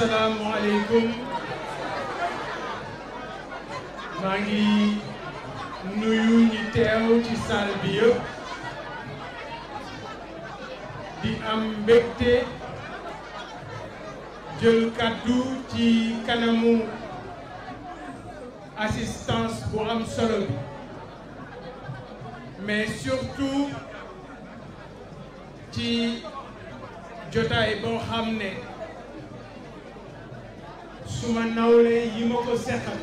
asalaamualeykum maa ngi nuyu ñi teew ci salle bi yëpp di am mbégte jël kàddu ci kanamu assistance bu am solo mais surtout ci jotaay boo xam ne suma nawlee yi ma ko seqal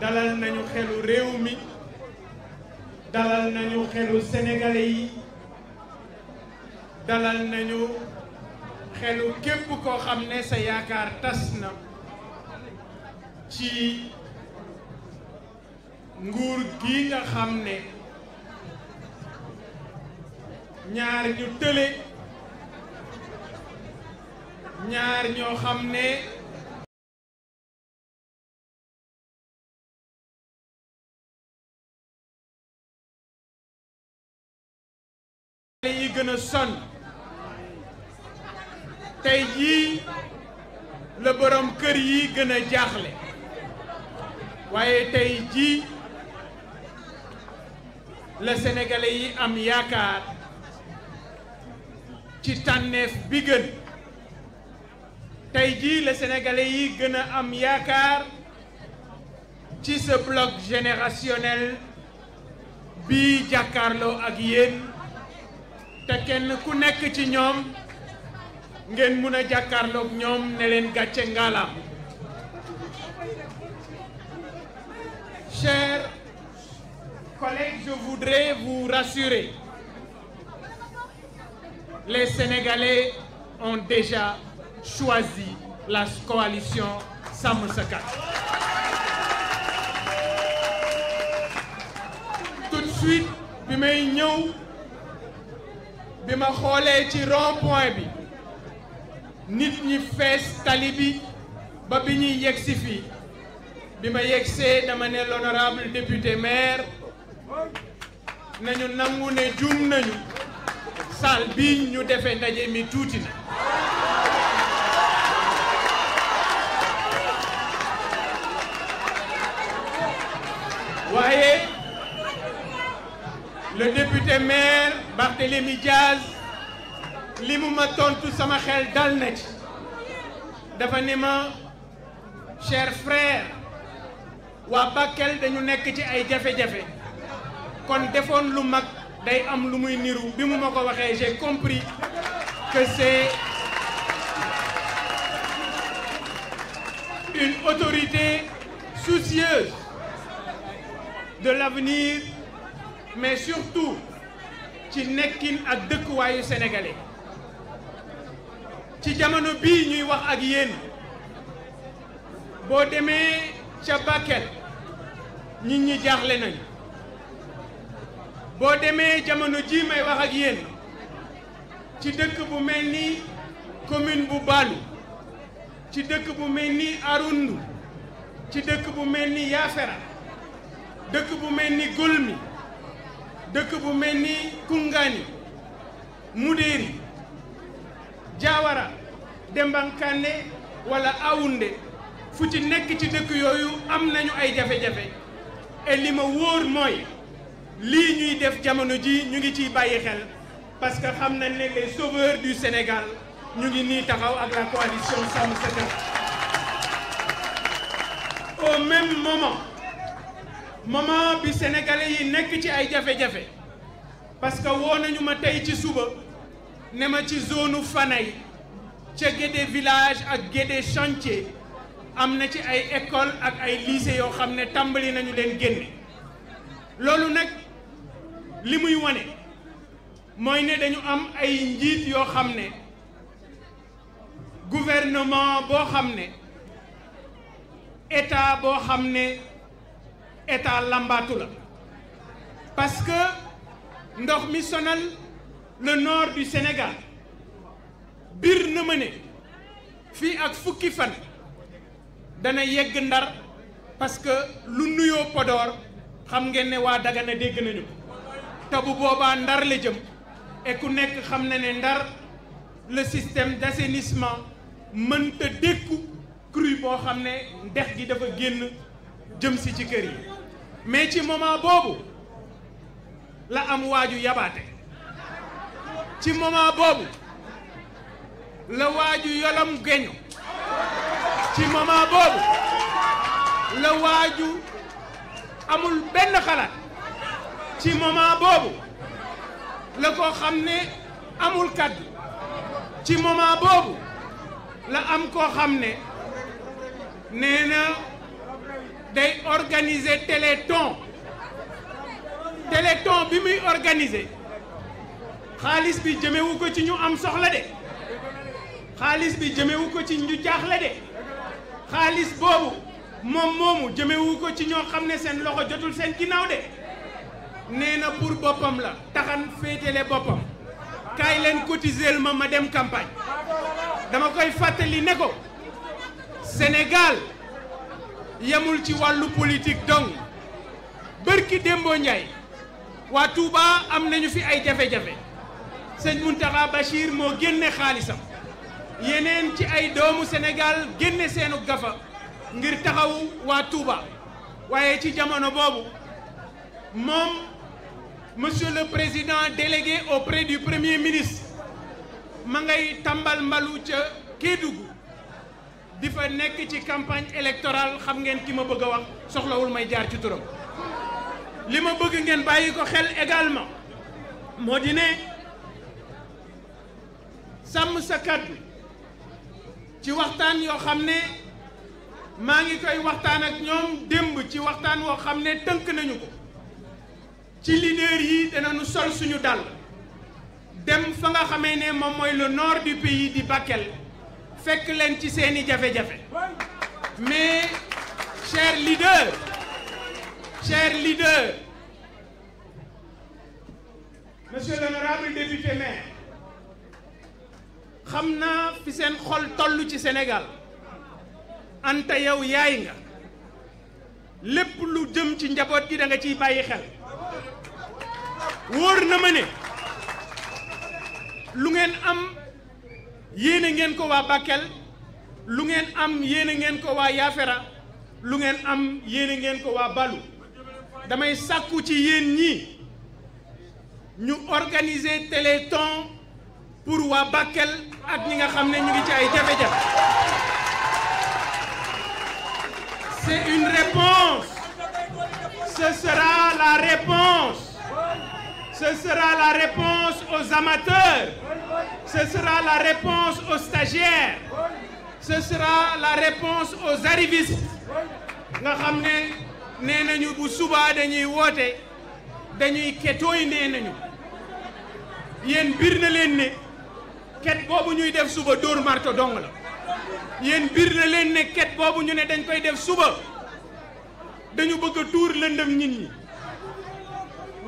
dalal nañu xelu réew mi dalal nañu xelu sénégalais yi dalal nañu xelu képp koo xam ne sa yaakaar tas na ci nguur gi nga xam ne ñaar ñu tële ñaar ñoo xam ne xale yi gën a sonn tey jii la boroom kër yi gën a jaaxle waaye tey jii la sénégalais yi am yaakaar ci tànneef bi gën tey jii la sénégalais yi gën a am yaakaar ci ce bloc générationnel bii ak yéen te kenn ku nekk ci ñoom ngeen mun a jàkkaarloog ñoom ne leen gàcce ngaalaam chers collègues je voudrais vous rassurer les sénégalais ont déjà choisi la coalition Sàmm Sa Kàddu tout suite bi may ñëw bi ma xoolee ci rond bi nit ñi fees tali bi ba bi ñuy yegsi fii bi ma yegsee dama ne l'honorable député maire nañu nangu ne juum nañu salle bii ñu defe ndaje mi tuuti na waaye le député maire Barthélémy Diaz li mu ma tontu sama xel dal na ci dafa ni ma cher frère waa Bakel dañu nekk ci ay jafe-jafe kon defoon lu mag day am lu muy niru bi mu ma ko waxee j'ai compris que une autorité soucieuse de l'avenir mais surtout ci nekkin ak dëkkuwaayu sénégalais ci jamono bii ñuy wax ak yéen boo demee ca Bakel nit ñi jaaxle nañ boo demee jamono ji may wax ak yéen ci dëkk bu mel ni commune bu Balu ci dëkk bu mel ni Arundu ci dëkk bu mel ni Yafera dëkk bu mel ni Golmi dëkk bu mel ni Koungani Mudéeri Diawara Dembankané wala Aoundé fu ci nekk ci dëkk yooyu am nañu ay jafe-jafe et wóor mooy lii ñuy def jamono ji ñu ngi ciy bàyyi xel parce que xam na ne les sauveurs du ñu ngi nii taxaw ak la coalition Sàmm Sa Kàddu au même moment moment bi sénégalais yi nekk ci ay jafe-jafe parce que woo nañu ma tey ci suba ne ma ci zone Fanay ca Guédé village ak Guédé chantier am na ci ay école ak ay lycée yoo xam ne tàmbali nañu leen génne loolu nag li muy wane mooy ne dañu am ay njiit yoo xam ne gouvernement boo xam ne état boo xam ne état làmbaatu la parce que ndox mi sonal le nord du Sénégal na ma fii ak fukki fan dana yegg ndar parce que lu nuyoo Podor xam ngeen ne waa Dagana dégg nañu te boobaa ndar la jëm et ku nekk xam na ne ndar le système d'assainissement mënta dékku crue boo xam ne ndex gi dafa génn jëm si ci kër yi mais ci moment boobu la am waaju yabaate ci moment boobu la waaju yolam geño ci moment boobu la waaju amul benn xalaat ci moment boobu la ko xam ne amul kàddu ci moment boobu la am koo xam ne nee day organiser téléthon téléthon bi muy organise xaalis bi jëmewu ko ci ñu am soxla de xaalis bi jëmewu ko ci ñu jaaxle de xaalis boobu moom moomu jëmewu ko ci ñoo xam ne seen loxo jotul seen ginnaaw de nee na pour boppam la taxan féetale boppam kaay leen cotiser ma ma dem campagne dama koy fàttali ne ko Sénégal yamul ci wàllu politique donc bërki démboo Ndiaye waa Touba am nañu fi ay jafejafe jafe sëñ Mountakha moo génne xaalisam yeneen ci ay doomu Sénégal génne seenu gafa ngir taxaw waa Touba waaye ci jamono boobu moom monsieur le président délégué auprès du premier ministre ma tambal mbalu ca Kédougou di fa nekk ci campagne électorale xam ngeen ki ma bëgg a wax soxlawul may jaar ci turam li ma bëgg ngeen bàyyi ko xel également moo di ne sàmm sa kàddu ci waxtaan yoo xam ne maa ngi koy waxtaan ak ñoom démb ci waxtaan woo xam ne tënk nañu ko ci leader yi danañu sol suñu dàll dem fa nga xamee ne moom mooy le nord du pays di Bakel fekk leen ci seeni jafe-jafe mais cher leader cher leader xam naa fi seen xol toll ci Sénégal anta yow yaay nga lépp lu jëm ci njaboot gi da nga ciy bàyyi xel wóor na ma ne lu ngeen am yéene ngeen ko waa Bakel lu ngeen am yéene ngeen ko waa Yafera lu ngeen am yéene ngeen ko waa Balu damay sàkku ci yéen ñi ñu organiser téléthon pour waa Bakel ak ñi nga xam ne ñu ngi ci ay jafe-jafe c'est une réponse ce sera la réponse Ce sera la réponse aux amateurs. Ce la réponse aux stagiaires. Ce sera la réponse aux arrivistes. nga xam ne nee nañu bu subaa dañuy woote dañuy ketooy nee nañu yéen biir leen ne ket boobu ñuy def suba dóor marto dong la yéen leen ne ket boobu ñu ne dañ koy def suba dañu bëgg a tuur lëndëm nit ñi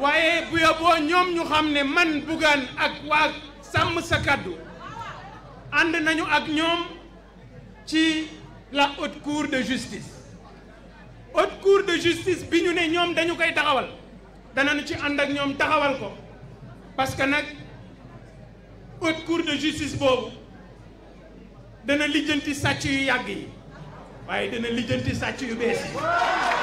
waaye bu yóbboo ñoom ñu xam ne man Bougane ak waa sàmm sa kàddu ànd nañu ak ñoom ci la haute cour de justice haute cour de justice bi ñu ne ñoom dañu koy taxawal danañu ci ànd ak ñoom taxawal ko parce que nag haute cour de justice boobu dana lijjanti sàcc yu yàgg yi waaye dana lijjanti sàcc yu bees yi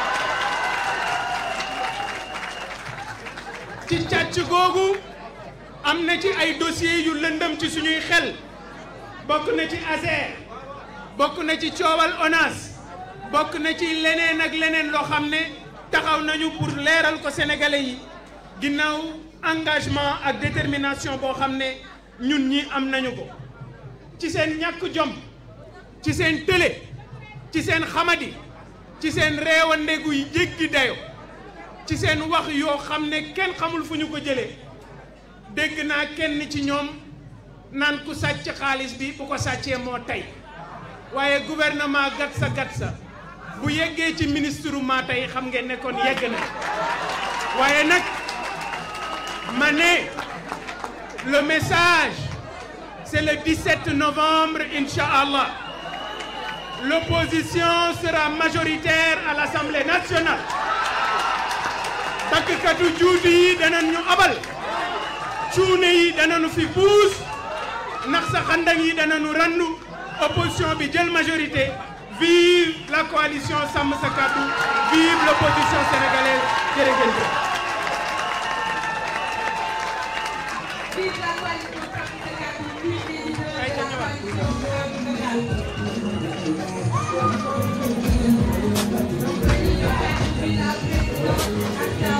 ci càcc googu am na ci ay dossiers yu lëndëm ci suñuy xel bokk na ci ASER bokk na ci coowal ONAS bokk na ci leneen ak leneen loo xam ne taxaw nañu pour leeral ko sénégalais yi ginnaaw engagement ak détermination boo xam ne ñun ñi am nañu ko ci seen ñàkk jom ci seen télé ci seen xamadi ci seen réewande gu jéggi dayo ci seen wax yoo xam ne kenn xamul fu ñu ko jële dégg naa kenn ci ñoom naan ku sàcc xaalis bi bu ko sàccee moo tey waaye gouvernement gat sa gat sa bu yeggee ci ministre maa tey xam ngeen nekkoon kon yegg na waaye nag ma ne le message c'est le 17 novembre incha allah l'opposition sera majoritaire à l'Assemblée nationale takkatu juuti yi danañu abal cuune yi danañu fi buus ndax sa xandang yi danañu randu opposition bi jël majorité vive la coalition sàmm sa kàddu vive l'opposition sénégalaise jërë ngeen